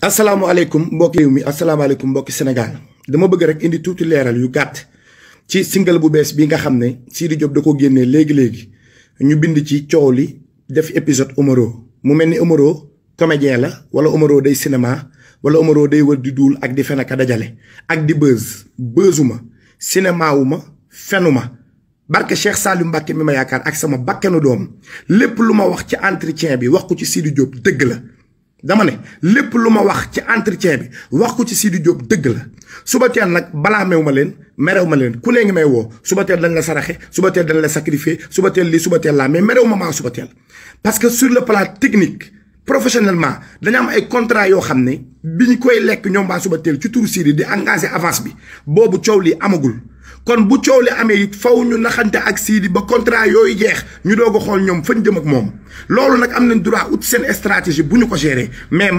asalaamaaleykum mbokki réew mi asalaamaaleykum mbokki Sénégal dama bëgg rek indi tuuti leeral yu gàtt ci single bu bees bi nga xam ne siidu Diop da ko génnee léegi léegi ñu bind ci coow li def épisode Omaro mu mel ni Omaro comédien la wala Omaro day cinéma wala Omaro day wër di duul ak di fen ak dajale ak di buzz buzzuma cinéma wu ma fenuma barke Cheikh Saliou Mbacke mi ma yaakaar ak sama bakkanu doom lépp lu ma wax ci entretien bi wax ko ci Sidy Diop dëgg la. dama ne lépp lu ma wax ci entretien bi wax ko ci Sidi jóg dëgg la suba teel nag balaa meew ma leen merew ma leen ku ne ngi may woo suba teel dañ la saraxe suba teel dañ la sacrifié suba teel lii suba teel laa mais merew ma maa suba teel. parce que sur le plan technique professionnellement dañu am ay contrat yoo xam ne bi ñu koy lekk ñoom baa suba teel ci turu Sidi di engagé avance bi boobu coow lii amagul. kon bu coow li amee faw ñu naxante ak Sidi ba contrat yooyu jeex ñu doog a xool ñoom fañ jëm ak moom loolu nag am nañ droit ut seen stratégie bu ñu ko gérer mais.